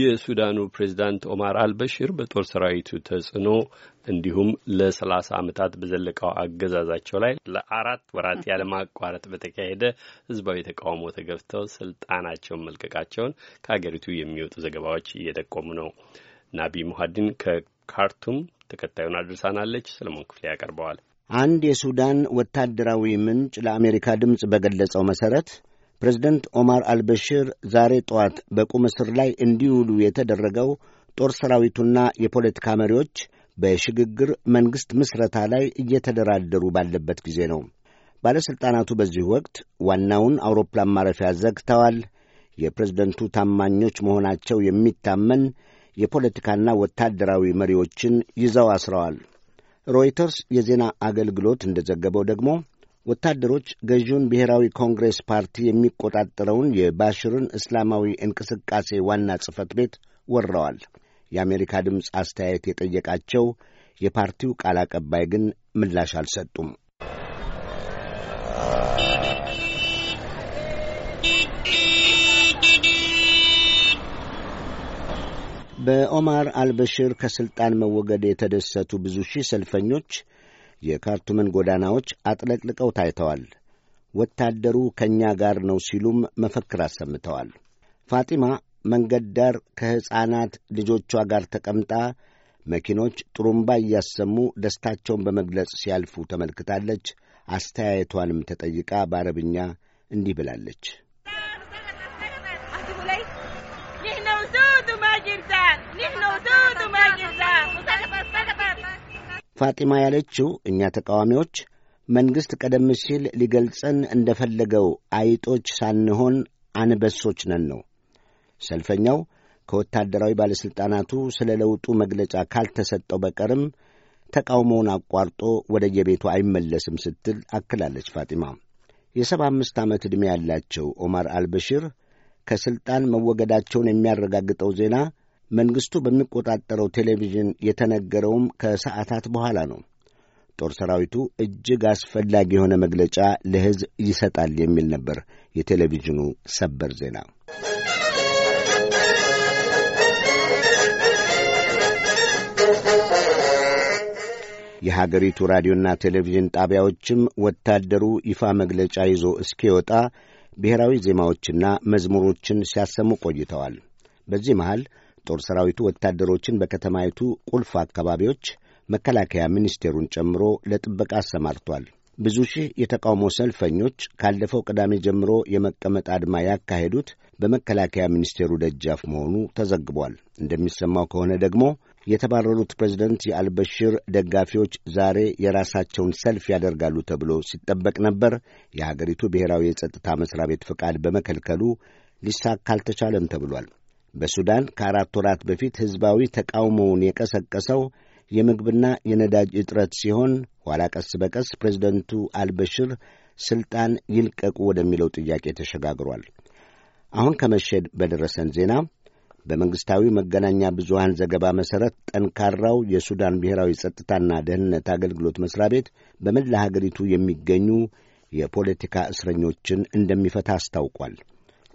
የሱዳኑ ፕሬዚዳንት ኦማር አልበሽር በጦር ሰራዊቱ ተጽዕኖ እንዲሁም ለሰላሳ ዓመታት በዘለቀው አገዛዛቸው ላይ ለአራት ወራት ያለማቋረጥ በተካሄደ ህዝባዊ ተቃውሞ ተገፍተው ስልጣናቸውን መልቀቃቸውን ከሀገሪቱ የሚወጡ ዘገባዎች እየጠቆሙ ነው። ናቢ ሙሀዲን ከካርቱም ተከታዩን አድርሳናለች። ሰለሞን ክፍሌ ያቀርበዋል። አንድ የሱዳን ወታደራዊ ምንጭ ለአሜሪካ ድምፅ በገለጸው መሰረት ፕሬዝደንት ኦማር አልበሽር ዛሬ ጠዋት በቁም እስር ላይ እንዲውሉ የተደረገው ጦር ሰራዊቱና የፖለቲካ መሪዎች በሽግግር መንግሥት ምስረታ ላይ እየተደራደሩ ባለበት ጊዜ ነው። ባለሥልጣናቱ በዚህ ወቅት ዋናውን አውሮፕላን ማረፊያ ዘግተዋል። የፕሬዝደንቱ ታማኞች መሆናቸው የሚታመን የፖለቲካና ወታደራዊ መሪዎችን ይዘው አስረዋል። ሮይተርስ የዜና አገልግሎት እንደዘገበው ደግሞ ወታደሮች ገዢውን ብሔራዊ ኮንግሬስ ፓርቲ የሚቆጣጠረውን የባሽርን እስላማዊ እንቅስቃሴ ዋና ጽሕፈት ቤት ወረዋል። የአሜሪካ ድምፅ አስተያየት የጠየቃቸው የፓርቲው ቃል አቀባይ ግን ምላሽ አልሰጡም። በኦማር አልበሽር ከሥልጣን መወገድ የተደሰቱ ብዙ ሺህ ሰልፈኞች የካርቱምን ጎዳናዎች አጥለቅልቀው ታይተዋል። ወታደሩ ከእኛ ጋር ነው ሲሉም መፈክር አሰምተዋል። ፋጢማ መንገድ ዳር ከሕፃናት ልጆቿ ጋር ተቀምጣ መኪኖች ጥሩምባ እያሰሙ ደስታቸውን በመግለጽ ሲያልፉ ተመልክታለች። አስተያየቷንም ተጠይቃ በአረብኛ እንዲህ ብላለች። ፋጢማ ያለችው እኛ ተቃዋሚዎች መንግሥት ቀደም ሲል ሊገልጸን እንደ ፈለገው አይጦች ሳንሆን አንበሶች ነን ነው። ሰልፈኛው ከወታደራዊ ባለሥልጣናቱ ስለ ለውጡ መግለጫ ካልተሰጠው በቀርም ተቃውሞውን አቋርጦ ወደ የቤቱ አይመለስም ስትል አክላለች ፋጢማ። የሰባ አምስት ዓመት ዕድሜ ያላቸው ኦማር አልበሽር ከሥልጣን መወገዳቸውን የሚያረጋግጠው ዜና መንግሥቱ በሚቆጣጠረው ቴሌቪዥን የተነገረውም ከሰዓታት በኋላ ነው። ጦር ሰራዊቱ እጅግ አስፈላጊ የሆነ መግለጫ ለሕዝብ ይሰጣል የሚል ነበር የቴሌቪዥኑ ሰበር ዜና። የሀገሪቱ ራዲዮና ቴሌቪዥን ጣቢያዎችም ወታደሩ ይፋ መግለጫ ይዞ እስኪወጣ ብሔራዊ ዜማዎችና መዝሙሮችን ሲያሰሙ ቆይተዋል። በዚህ መሃል ጦር ሰራዊቱ ወታደሮችን በከተማይቱ ቁልፍ አካባቢዎች መከላከያ ሚኒስቴሩን ጨምሮ ለጥበቃ አሰማርቷል። ብዙ ሺህ የተቃውሞ ሰልፈኞች ካለፈው ቅዳሜ ጀምሮ የመቀመጥ አድማ ያካሄዱት በመከላከያ ሚኒስቴሩ ደጃፍ መሆኑ ተዘግቧል። እንደሚሰማው ከሆነ ደግሞ የተባረሩት ፕሬዝደንት የአልበሽር ደጋፊዎች ዛሬ የራሳቸውን ሰልፍ ያደርጋሉ ተብሎ ሲጠበቅ ነበር። የሀገሪቱ ብሔራዊ የጸጥታ መስሪያ ቤት ፍቃድ በመከልከሉ ሊሳካ አልተቻለም ተብሏል። በሱዳን ከአራት ወራት በፊት ሕዝባዊ ተቃውሞውን የቀሰቀሰው የምግብና የነዳጅ እጥረት ሲሆን ኋላ ቀስ በቀስ ፕሬዚደንቱ አልበሽር ሥልጣን ይልቀቁ ወደሚለው ጥያቄ ተሸጋግሯል። አሁን ከመሸድ በደረሰን ዜና በመንግሥታዊ መገናኛ ብዙሃን ዘገባ መሠረት ጠንካራው የሱዳን ብሔራዊ ጸጥታና ደህንነት አገልግሎት መሥሪያ ቤት በመላ አገሪቱ የሚገኙ የፖለቲካ እስረኞችን እንደሚፈታ አስታውቋል።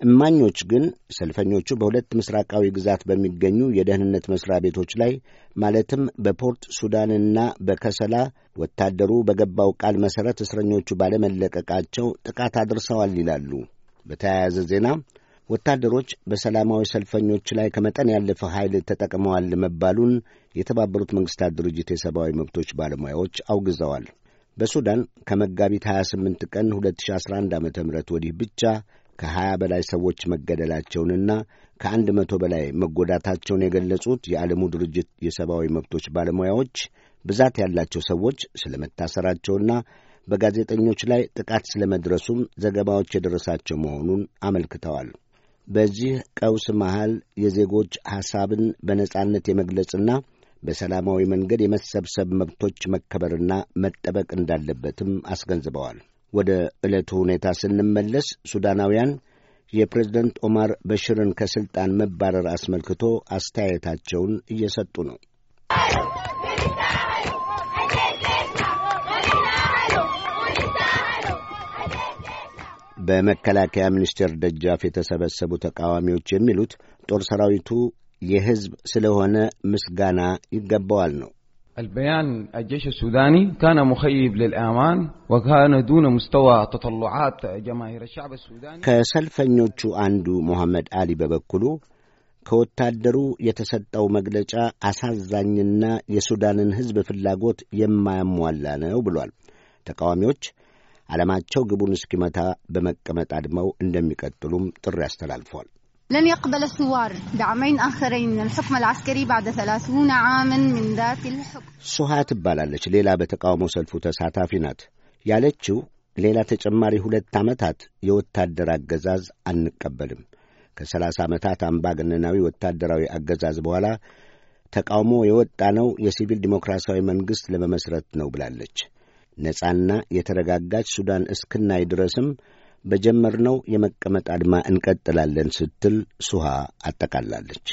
እማኞች ግን ሰልፈኞቹ በሁለት ምስራቃዊ ግዛት በሚገኙ የደህንነት መስሪያ ቤቶች ላይ ማለትም በፖርት ሱዳንና በከሰላ ወታደሩ በገባው ቃል መሠረት እስረኞቹ ባለመለቀቃቸው ጥቃት አድርሰዋል ይላሉ። በተያያዘ ዜና ወታደሮች በሰላማዊ ሰልፈኞች ላይ ከመጠን ያለፈ ኃይል ተጠቅመዋል መባሉን የተባበሩት መንግሥታት ድርጅት የሰብአዊ መብቶች ባለሙያዎች አውግዘዋል። በሱዳን ከመጋቢት 28 ቀን 2011 ዓ ም ወዲህ ብቻ ከሀያ በላይ ሰዎች መገደላቸውንና ከአንድ መቶ በላይ መጎዳታቸውን የገለጹት የዓለሙ ድርጅት የሰብአዊ መብቶች ባለሙያዎች ብዛት ያላቸው ሰዎች ስለ መታሰራቸውና በጋዜጠኞች ላይ ጥቃት ስለ መድረሱም ዘገባዎች የደረሳቸው መሆኑን አመልክተዋል። በዚህ ቀውስ መሃል የዜጎች ሐሳብን በነጻነት የመግለጽና በሰላማዊ መንገድ የመሰብሰብ መብቶች መከበርና መጠበቅ እንዳለበትም አስገንዝበዋል። ወደ ዕለቱ ሁኔታ ስንመለስ ሱዳናውያን የፕሬዝደንት ኦማር በሽርን ከሥልጣን መባረር አስመልክቶ አስተያየታቸውን እየሰጡ ነው። በመከላከያ ሚኒስቴር ደጃፍ የተሰበሰቡ ተቃዋሚዎች የሚሉት ጦር ሰራዊቱ የሕዝብ ስለሆነ ምስጋና ይገባዋል ነው። البيان الجيش السوداني كان مخيب للآمان وكان دون مستوى تطلعات ጀማሂር الشعب السوداني ከሰልፈኞቹ አንዱ ሞሐመድ አሊ በበኩሉ ከወታደሩ የተሰጠው መግለጫ አሳዛኝና የሱዳንን ሕዝብ ፍላጎት የማያሟላ ነው ብሏል። ተቃዋሚዎች ዓለማቸው ግቡን እስኪመታ በመቀመጥ አድመው እንደሚቀጥሉም ጥሪ አስተላልፏል። لن يقبل الثوار بعمين آخرين من الحكم العسكري بعد ثلاثون عاما من ذات الحكم ሱሃ ትባላለች። ሌላ በተቃውሞ ሰልፉ ተሳታፊ ናት። ያለችው ሌላ ተጨማሪ ሁለት ዓመታት የወታደር አገዛዝ አንቀበልም። ከሰላሳ ዓመታት አምባገነናዊ ወታደራዊ አገዛዝ በኋላ ተቃውሞ የወጣ ነው የሲቪል ዲሞክራሲያዊ መንግሥት ለመመሥረት ነው ብላለች። ነጻና የተረጋጋች ሱዳን እስክናይ ድረስም በጀመርነው የመቀመጥ አድማ እንቀጥላለን ስትል ሱሃ አጠቃላለች።